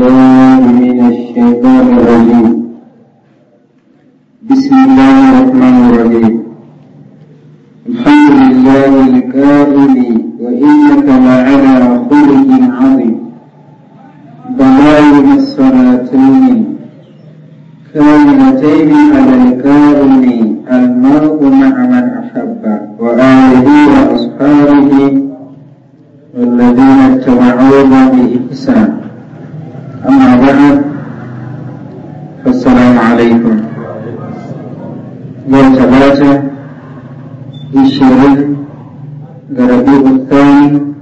بالله بسم الله الرحمن الرحيم الحمد لله الكائن وإنك لعلى خلق عظيم بلائم الصلاتين كاملتين على Garabi rabi'u thani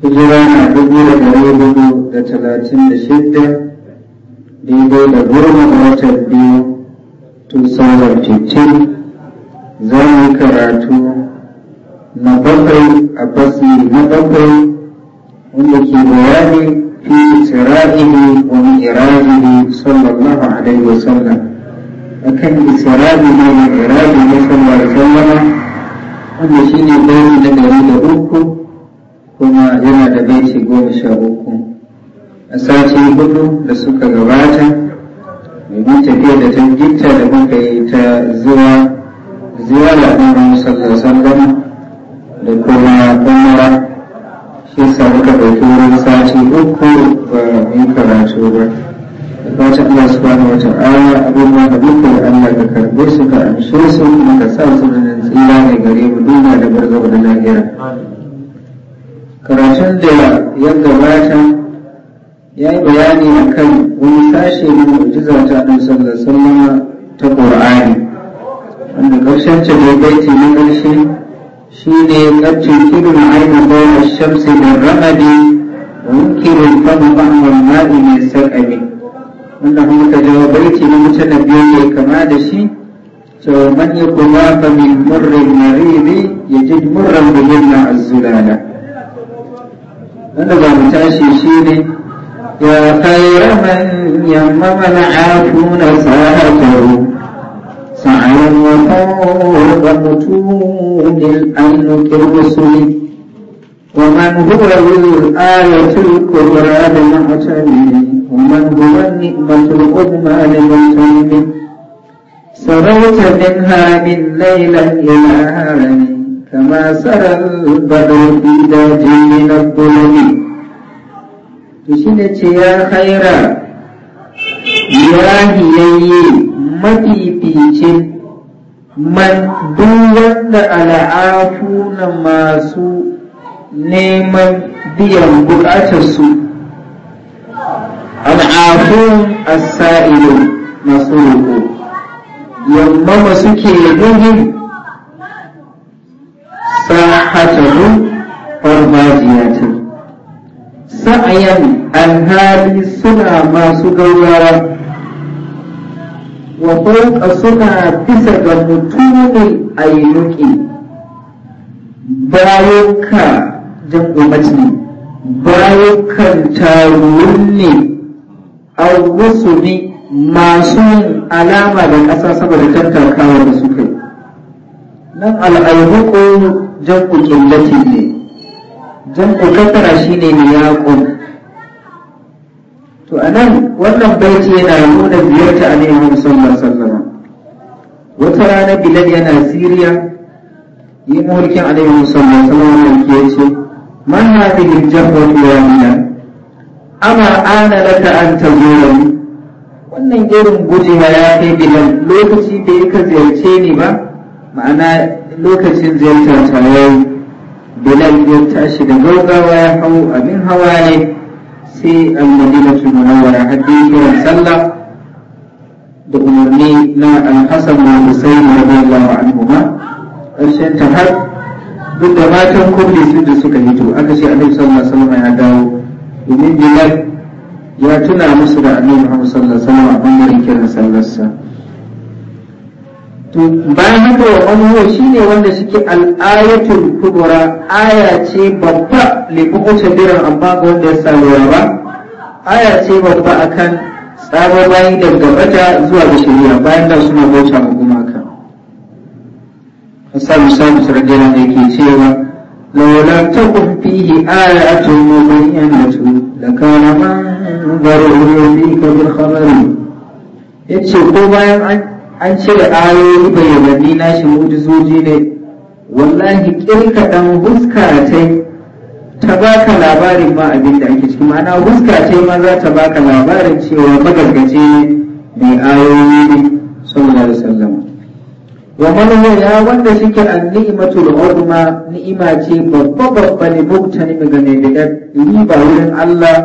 na dubu da ɗari hudu da talatin da shidda daidai da goma a watan biyu 2015 za mu yi karatu na bakwai a fasli na bakwai wanda ke bayani fi sira'ihi wa mi'rajihi sallallahu alaihi wasallam akan isra'i ne iradi ne sallallahu alaihi wasallam wannan shi ne bayi na gari da uku kuma yana da baiti goma sha uku a sati hudu da suka gabata domin tafiya da ta gitta da muka yi ta zuwa da kuma musallar sandan, da kuma umara shi sa muka ɗauki wurin sati uku ba mu karatu ba da fatan Allah subhanahu wa ta'ala abubuwa da muka yi Allah ka karbe su ka amshe su kuma ka sa su da tsira ne gare mu duba da barzahu da lafiya karatun da ya gabata ya yi bayani a kan wani sashe na zata ta ɗan sallallahu ta ƙur'ani wanda ƙarshen ta da baiti na ƙarshe shi ne ƙarfin kirin aina bayan shamsi da ra'adi وينكر الفم فهم الماء mai sarƙami wanda kuma ta jawo baiti na mutane biyu ne kama da shi So من يطلاف من مر المريض يجد مرا بيمنع الزلالة هذا متعشي شيني يا خير من يمم العافون ساعته سعيا وفوق متون العين كالرسل ومن هو الآية الكبرى لمعتمي ومن هو النعمة العظمى لمعتمي سروج منها من ليلة kama عالم كما سرى البدر في درج من الظلم Ishin ce ya haira ya hiyayye mafificin man wanda al'afu na masu neman biyan bukatarsu, al'afun asa'ilu masu roƙo. yammama suke gudun sahatahu farmajiyatan sa'ayan alhali suna masu gaurara wa fauka suna bisa ga mutumin ayyuki bayanka jan umarci ne bayankan tarurun ne a wasu ne masu yin alama da ƙasa saboda tattakawa da suka yi nan ko jam'u ƙillati ne jam'u kakara shi ne niyakun to a nan wannan baiti yana nuna biyar ta neman sallar sallama wata rana bilal yana siriya yi mulkin a neman sallar sallama wanda ke ce man na fi hijjar wata yamiya ana laka an tazurani wannan irin gujewa ya kai bilal lokaci da ya ka ziyarce ni ba ma'ana lokacin ziyartar ta tawayi bilal ya tashi da gaugawa ya hau abin hawa ne sai almadinatu munawwara hadde kiran sallah da umarni na alhassan na husaini radiyallahu al'umma. ƙarshen ta har duk da matan kurdi su da suka hito aka ce a sallallahu alaihi wasallam ya dawo domin bilal ya tuna musu da annabi Muhammad sallallahu alaihi wasallam a yake kiran sallarsa to bayan haka wa shi shine wanda suke al'ayatul kubra aya ce babba li bukuta biran amma ga wanda ya samu ba aya ce babba akan tsaro bayan dangabata zuwa ga shari'a bayan da suna bauta ma gumaka. Hassan musamman su Rajala da yake cewa لو لم تكن فيه آية مبينة لكان منظره يزيك بالخبر yace ko bayan an cire ayoyi bayyananni na shi mujizoji ne wallahi kirka dan huska ta baka labarin ma abin da ake ciki ma'ana huska ce ma za ta baka labarin cewa magagace mai ayoyi ne sallallahu alaihi wasallam wa man ya wanda shike an-ni'matul udma ni'ima ce babba babba ne mutane magane da yi ba wurin Allah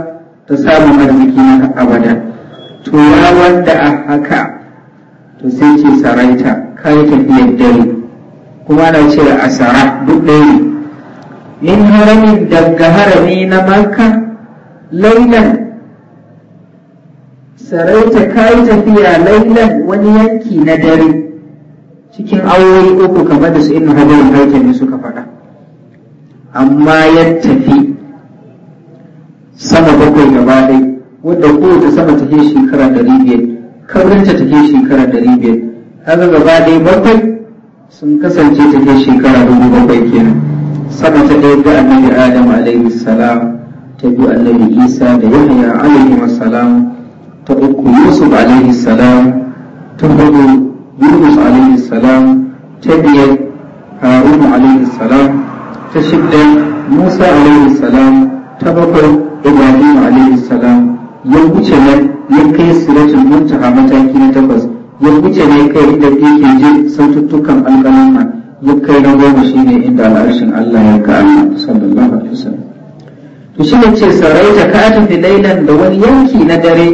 ta samu arziki na abada to ya wanda a haka to sai ce saraita kai tafiyar dare kuma ana cewa asara duk ɗaya ne min haramin daga harami na maka lailan saraita kai tafiya lailan wani yanki na dare cikin awoyi uku kamar da su ibn hajar ne suka faɗa amma ya tafi sama bakwai gaba ɗai wadda kowace sama take shekara ɗari biyar kabrinta take shekara ɗari biyar kaga gaba ɗai bakwai sun kasance take shekara dubu bakwai kenan sama ta ɗaya ga annabi adam alaihi salam ta biyu annabi isa da yahaya alaihi salam ta uku yusuf alaihi salam ta hudu yunus alaihi salam ta biyar harun alaihi salam ta shidda musa alaihi salam ta bakwai ibrahim alaihi salam ya wuce nan ya kai siratul muntaha mataki na takwas ya wuce ne kai inda yake jin saututtukan alƙalama ya kai na goma shi ne inda al'arshin Allah ya ka Allah sallallahu alaihi wasallam to shi ne ce saraita ka da lailan da wani yanki na dare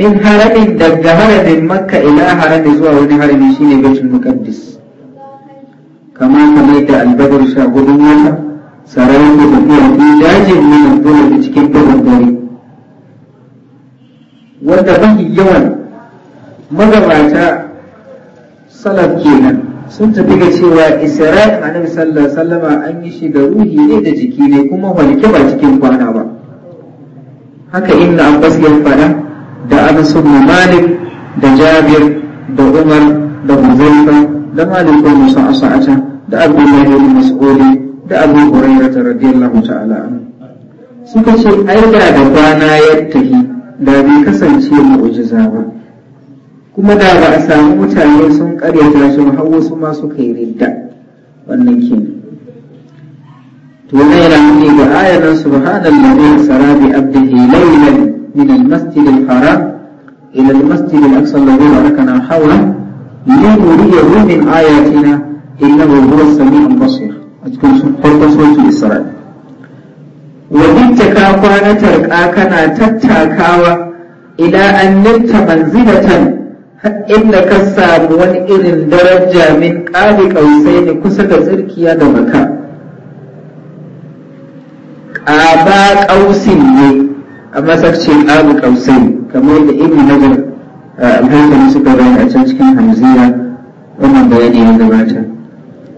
min haramin daga haramin makka ila harami zuwa wani harami shine baitul muqaddis kama kamar da albadar sha gudun sararin da tafiya fi dajin min dole da cikin dubban dare wanda mafi yawan magabata salaf kenan sun tafi ga cewa isra'il annabi sallallahu alaihi an yi shi da ruhi ne da jiki ne kuma walke ba cikin kwana ba haka inna basu ya faɗa da anas ibn malik da jabir da umar da huzaifa da malik ibn musa asa'ata da abdullahi ibn mas'ud da abu hurairah radiyallahu ta'ala suka ce ai da da bana tafi, da bai kasance mu'jiza ba kuma da ba a samu mutane sun karyata shi har wasu ma suka yi ridda wannan ke. to wannan yana nuni ga ayanan subhanallahi sarabi abdihi laylan من المسجد الحرام إلى المسجد الأقصى الذي باركنا حوله لنريه من آياتنا إنه هو السميع البصير أتكون حرقة سورة الإسراء وبنتكا وانا تركاكنا تتاكاوا إلى أن نلت منزلة إن كسام وإن الدرجة من قال قوسين كسك زركيا دمكا قابا قوسين a masarcin abu kausai kamar da ibn hajar alhaifin suka bayar a can cikin hamziya wannan bayani ya gabata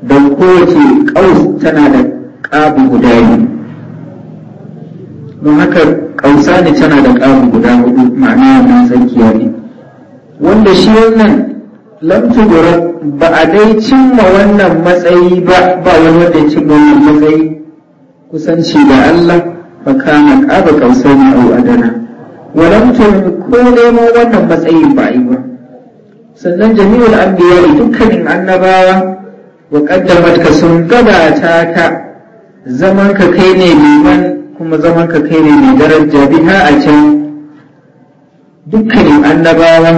don kowace kaus tana da ƙabu guda biyu don haka kausa ne tana da ƙabu guda hudu ma'ana wannan tsakiya ne wanda shi wannan gura ba a dai cimma wannan matsayi ba ba wani wanda ya cimma wannan matsayi kusanci da Allah fakana ƙaba kausar a adana walamtun ko nemo wannan matsayin ba yi ba sannan jami'ul anbiya dukkanin annabawa wa qaddamat ka sun gabata ka zaman ka kai ne liman kuma zaman ka kai ne mai daraja biha a can dukkanin annabawa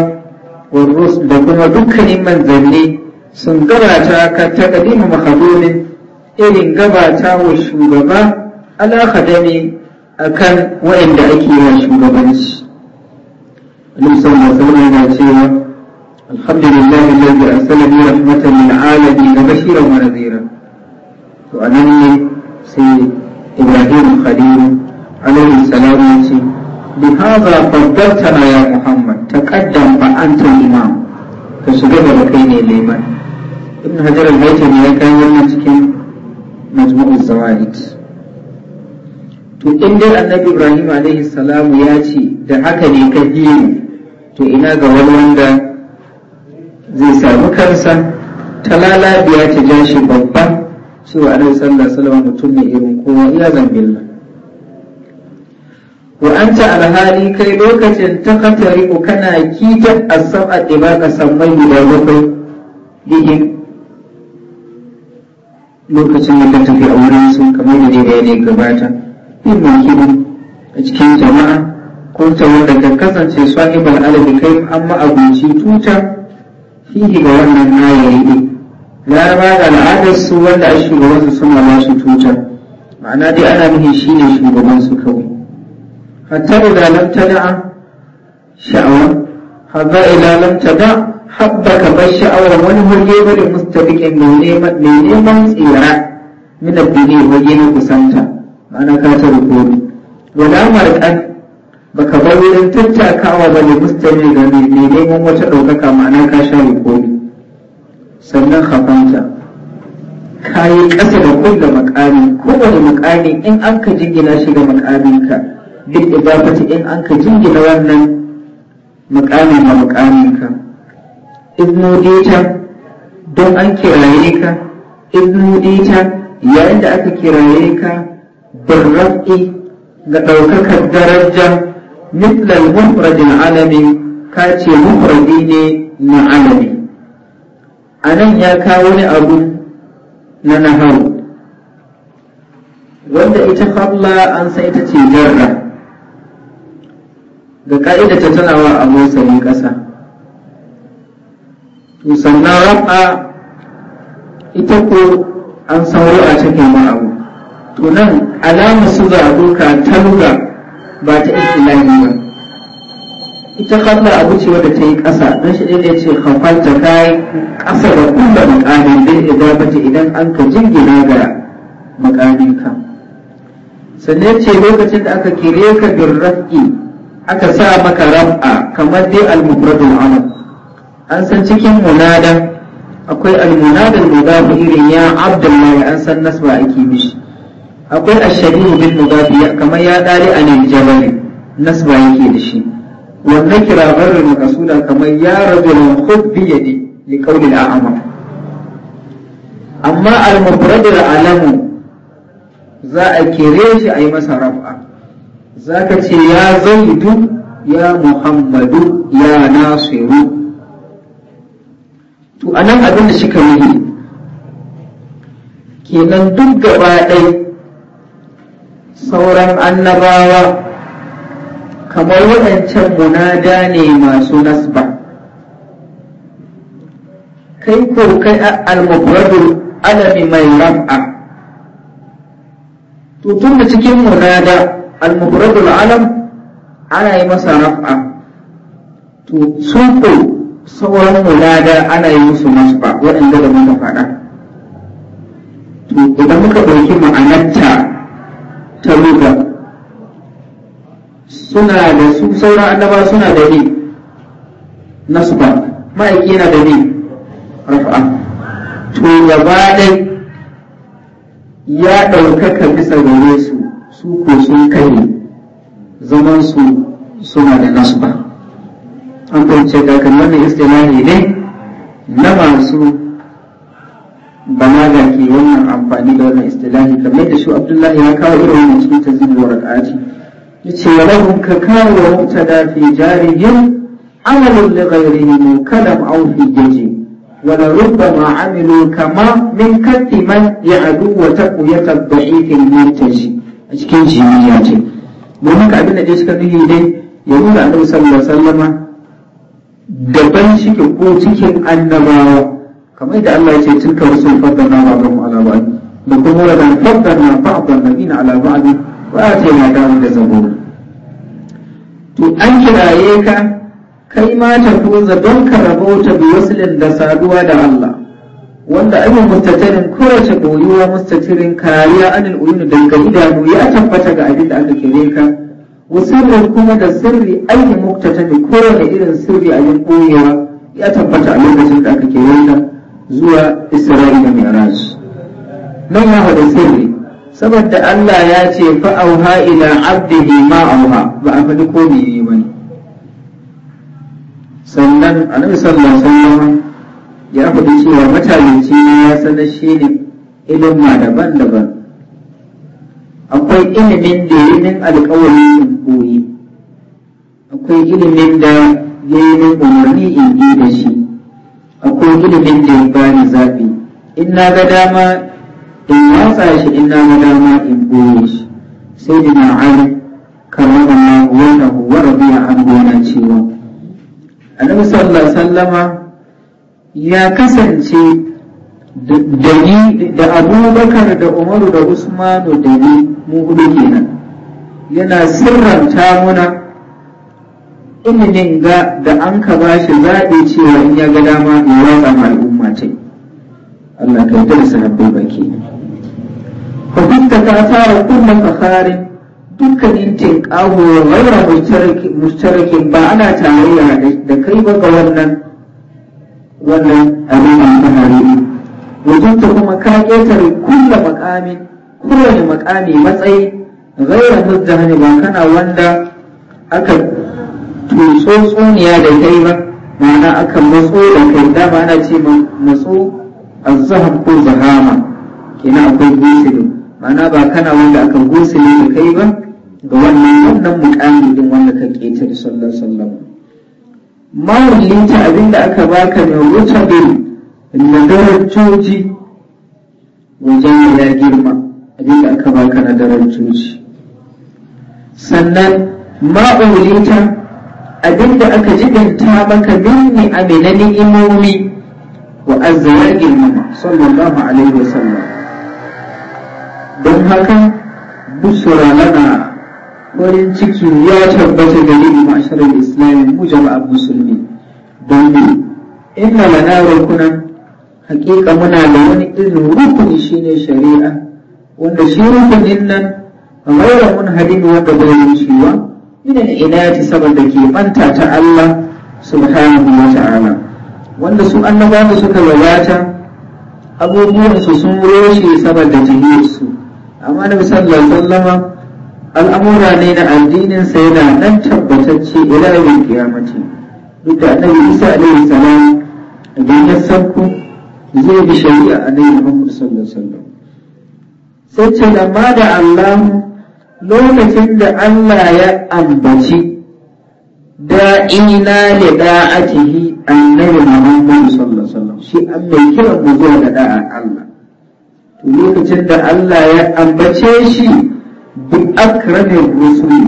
da kuma dukkanin manzanni sun gabata ka ta kadimu mahadurin irin gabata wa shugaba alaka ne a kan waɗanda ake yi shugabanci wani musamman yana cewa alhamdulillah lalzi a salami rahmatan lil alamin da bashiran wa nadhira to nan ne sai ibrahim khalil alaihi salam ya ce bi hadha faddaltana ya muhammad taqaddam fa anta imam ka shiga da kai ne leman ibn hajar al ya kai wannan cikin majmu'uz zawaid to in dai annabi ibrahim alaihi salam ya ce da haka ne ka to ina ga wani wanda zai samu kansa ta lalabiya ta ja shi babba cewa a nan alaihi salama mutum ne irin kowa iya zambilla wa anta alhali kai lokacin ta katari ko kana kita asaba dibaka sammai guda bakwai bihin lokacin da ka tafi a wurin su kamar da dai ne gabata yin makiru a cikin jama'a ko ta wanda ka kasance sahibal alabi kai amma abinci tuta fihi ga wannan yi ne laraba da al'adar su wanda a shugabansu suna ba shi tuta ma'ana dai ana nufi shi ne su kawai hatta da lam tada'a sha'awar hadda ila lam tada'a habbaka sha'awar wani hoge bari mustaqiqin mai neman tsira min ne hoge na kusanta ma'ana ka tare komi wala ba baka bar wurin tattakawa ba ne mustami ga mai mun wata ɗaukaka ma'ana ka share komi sannan hafanta ka yi ƙasa da kulla makami kowane makami in an ka jingina shi ga makaminka duk idafati in an ka jingina wannan makami ma makaminka dita don an kiraye ka dita yayin da aka kiraye ka ga بالرفق لتوكك الدرجة مثل المفرد العلمي كاتي مفردين لعلمي anan ya kawo ni abu na nahawu wanda ita kabla an san ce jarra ga ka'ida ta tanawa a motsayin ƙasa to sannan ita ko an san a take ma abu to nan alama su za a doka ta ba ta lahi ba ita kalla abu ce wadda ta yi ƙasa don shi ɗaya ce kafar ta yi ƙasa da kulla makamin bin idabata idan an ka jingina ga makamin ka sannan ce lokacin da aka kire ka bin aka sa maka rab'a, kamar dai al-mufradul an san cikin munada akwai al-munadal mudafu irin ya abdullahi an san nasba ake mishi akwai asharihu bil mudafi kamar ya dare a lil jabari nasba yake da shi wannan kira barri makasuda kamar ya rajulun khud ya yadi li qawli amma al alamu za a kire shi a yi masa raf'a za ka ce ya zaidu ya muhammadu ya nasiru to anan abin da shi ka kenan duk gaba ɗaya sauran annabawa kamar waɗancan munada ne masu nasba kai ko kai al-mufradu alami mai ram'a tutun da cikin munada al-mufradu alam ana yi masa raf'a tutun ko sauran munada ana yi musu nasba waɗanda da muka faɗa to idan muka ɗauki ma'anarta Taluka suna da su sauran annaba suna da ne nasba ma'aiki yana da ni rafa'a to gaba dai ya ɗaukaka bisa gare su su ko sun kai zaman su suna da nasba an fahimci ga kan wannan istimali ne na masu bana ga ke wannan amfani da wannan istilahi kamar da shi abdullahi ya kawo irin wannan cikin tazmin warqati yace wa ka kawo wa mubtada fi amalin da gairihi ghayrihi kalam aw fi jaji wa la ma amilu kama min katti man adu wa taqwiyat ya tabbaci al a cikin jiniya ce Mun ka abin da dai suka nuhi dai ya nuna annabi sallallahu alaihi wasallama daban shi ko cikin annabawa kamar yadda Allah ya ce tilka rusul faddana ba'dhum ala ba'd da kuma da faddana ba'dhan nabiyina ala a ce na dawud da zabur to an kiraye ka kai ma ta kuza don ka ta bi waslin da saduwa da Allah wanda abin mustatirin ta goyiwa mustatirin kariya anil uyunu daga idanu ya tabbata ga abin da aka kire ka musamman kuma da sirri ainihin muktata ne kowane irin sirri a yin ya tabbata a lokacin da aka kire ka zuwa Isra'ila Mi'raj nan ya faɗi sirri saboda Allah ya ce fa'auha ila abdihi ma auha ba a faɗi ko ne ba sannan annabi sallallahu alaihi wasallam ya faɗi cewa matalinci ne ya sanar shi ne ma daban-daban akwai ilimin da yi min in koyi akwai ilimin da ya yi min umarni in yi da shi akwai ilimin da ya bani zafi in na ga dama in watsa shi in na ga dama in boye shi sai da na ari kamar ma wanda huwa biya an gona cewa A nan sallar sallama ya kasance da ni da abubakar da umaru da usmanu da ni mu hudu kenan yana sirranta muna ilimin ga da an ka ba shi zaɓe cewa in ya ga dama ya watsa ma al'umma ce Allah ka ta da rabbi baki hukunta ta tsara kullum fasarin dukkanin wa raira mushtarakin ba ana tarayya da kai ba ga wannan wannan abin alfahari hari. ta kuma ka ƙetare kulla makamin kowane makami matsayi raira mujahani ba kana wanda aka mai tsotsoniya da kai ba ma'ana aka matso da kai da ma'ana ce matso azhab ko zahama kina akwai gusuli ma'ana ba kana wanda akan gusuli da kai ba ga wannan wannan muƙami din wanda ka keta da sallallahu sallam mawullinta abinda aka baka ne wuta bin coci wajen ya girma abinda aka baka na daren cuci sannan ma'ulita Abin da aka jibinta maka minni amina ni'imomi wa azzawajin mana sallallahu alaihi wasallam don haka busura lana farin ciki ya tabbata gare mu ma'asharar islamin mu jama'a musulmi don mu inna lana rukunan hakika muna da wani irin rukuni shine shari'a wanda shi rukunin nan ghayra munhadin wanda shi wa minan inati saboda ke banta ta Allah subhanahu wa ta'ala wanda su annabawa suka wadata abubuwan su sun roshe saboda jihiyar su amma nabi sallallahu alaihi wasallama al'amura ne na addinin sa yana nan tabbatacce ila yawon kiyamati duk da annabi isa alaihi salam da ya sauko zai bi shari'a annabi muhammad sallallahu alaihi wasallam sai ce lamma da Allah lokacin da Allah ya ambaci da'ina da da'atihi annabi Muhammad sallallahu alaihi wasallam shi an mai kira mu zuwa da da'a Allah lokacin da Allah ya ambace shi bi akrami rusuli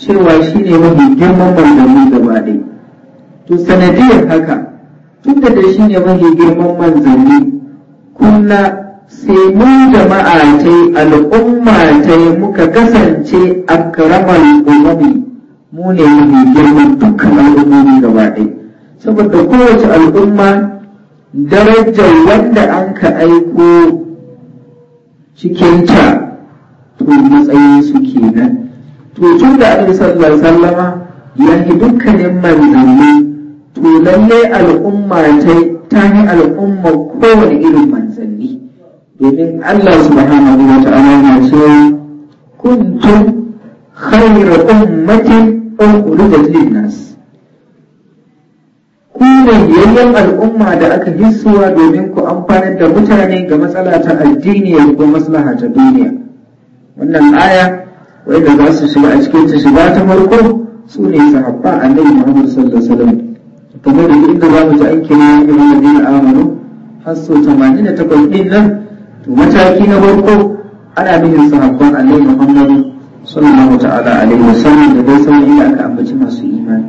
cewa ne mafi girman manzanni gaba ɗaya to sanadiyar haka tunda da shi ne mafi girman manzanni kunna sai mu jama'a ta al'umma ta muka kasance a karamar umami mu ne girman dukkan al'ummomi gaba ɗaya saboda kowace al'umma darajar wanda an ka aiko cikinta to matsayin su kenan to tun da annabi sallar sallama ya yi dukkanin manzanni to lallai al'umma ta ta yi al'umma kowane irin manzanni domin Allah subhanahu wa ta'ala yana cewa kuntum khayra ummatin ukhrijat lin-nas ku ne yayyan al'umma da aka hissuwa domin ku amfanar da mutane ga matsala ta addini da kuma maslaha ta duniya wannan aya wanda za su shiga a cikin ta shiga ta farko su ne sahabba annabi Muhammad sallallahu alaihi wasallam kamar da inda za mu ji an kira ibn ladina amanu har 88 din nan to mataki na farko ana bin sahabban Allah muhammadu sallallahu ta'ala alaihi wasallam da dai sauran inda aka ambaci masu imani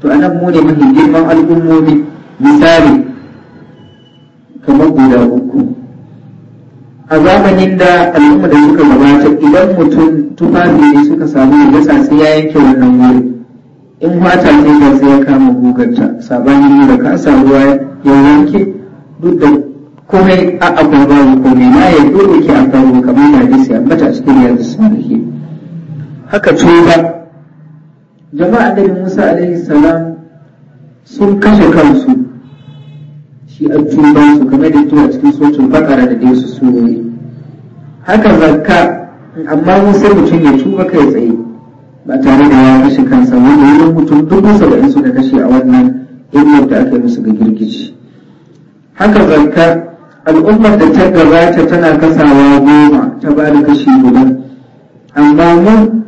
to anan mu ne mafi girman al'ummomi misali kamar guda uku a zamanin da al'umma da suka gabata idan mutum tufafi ne suka samu da gasa sai ya yanke wannan wuri in mata ce sai ya kama gugarta sabanin da ka samu ya yanke duk da komai a ba babu komai na ya dole ke amfani kamar na hadisi a mata kuma yanzu salihi haka tuba jama'a da Musa alaihi salam sun kashe kansu shi a tuban su kamar da tuwa cikin sojin bakara da dai su ne haka zakka amma musa mutum ya tuba kai tsaye ba tare da ya kashe kansa wanda wani mutum dubu saba'in suka kashe a wannan ilmar da aka yi musu ga girgiji haka zakka al'ummar da ta gabata tana kasawa goma ta ba da kashi guda amma mu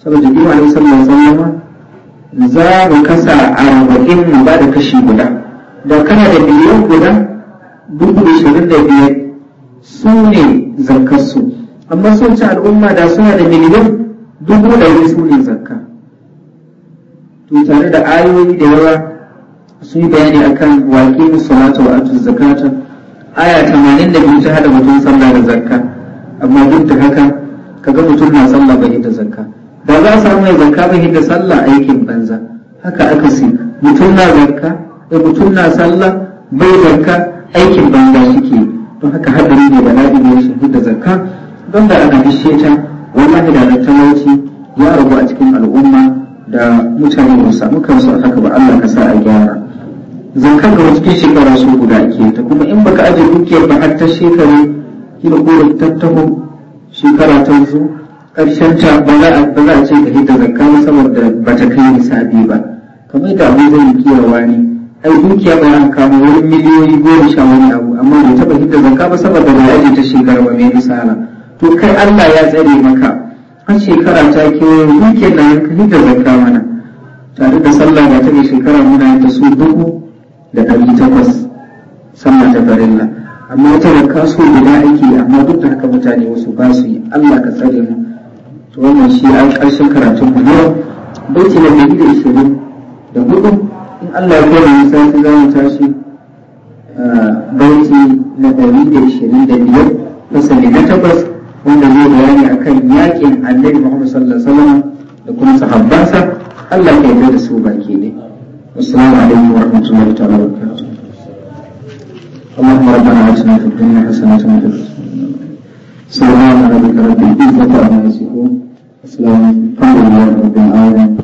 saboda jikin alaihi sallar alaihi za mu kasa arba'in mu ba da kashi guda da kana da biliyan guda dubu ishirin da biyar su ne zakkarsu amma sun ci al'umma da suna da miliyan dubu ɗari su ne zakka to tare da ayoyi da yawa sun yi bayani akan waƙe musulata wa atu zakata aya tamanin da biyu ta hada mutum sallah da zakka amma duk da haka kaga mutum na sallah bai da zakka da za a samu ya zakka bai da sallah aikin banza haka aka si mutum na zakka da eh, mutum na sallah bai zakka aikin banza ke. don haka hadari ne da ya shi da zakka don da ana bishe ta wallahi da talauci ya rabu a cikin al'umma da mutane da samu kansu haka ba Allah ka sa a gyara zakar ga cikin shekara su guda ke ta kuma in baka aje dukiyar ba har ta shekaru kila ko da taho shekara ta zo karshen ta ba za a ce ka hita zakka ba saboda ba ta kai nisabi ba kamar yadda abin zai yi kiyarwa ne ai dukiya ba ya kama wurin miliyoyi goma sha wani abu amma bai taba hita zakka ba saboda ba aje ta shekara ba mai misala to kai Allah ya tsare maka har shekara ta ke dukiyar na ka hita zakka mana tare da sallah ba ta shekara muna yadda su duku da ɗari takwas sama ta nan. amma wata da kaso guda ake amma duk da haka mutane wasu ba su yi Allah ka tsare mu to wannan shi an ƙarshen karatun mu yau baiti na ɗari da ishirin da hudu in Allah ya kai mu sai za mu tashi baiti na ɗari da ishirin da biyar fasali na takwas wanda zai bayani a kan yakin annabi Muhammad sallallahu alaihi wasallam da kuma sahabbansa Allah ya yarda da su baki ne والسلام عليكم ورحمة الله تعالى وبركاته اللهم ربنا آتنا في الدنيا حسنة وفي الآخرة حسنة وقنا عذاب النار السلام عليكم ورحمة الله وبركاته السلام الحمد لله رب العالمين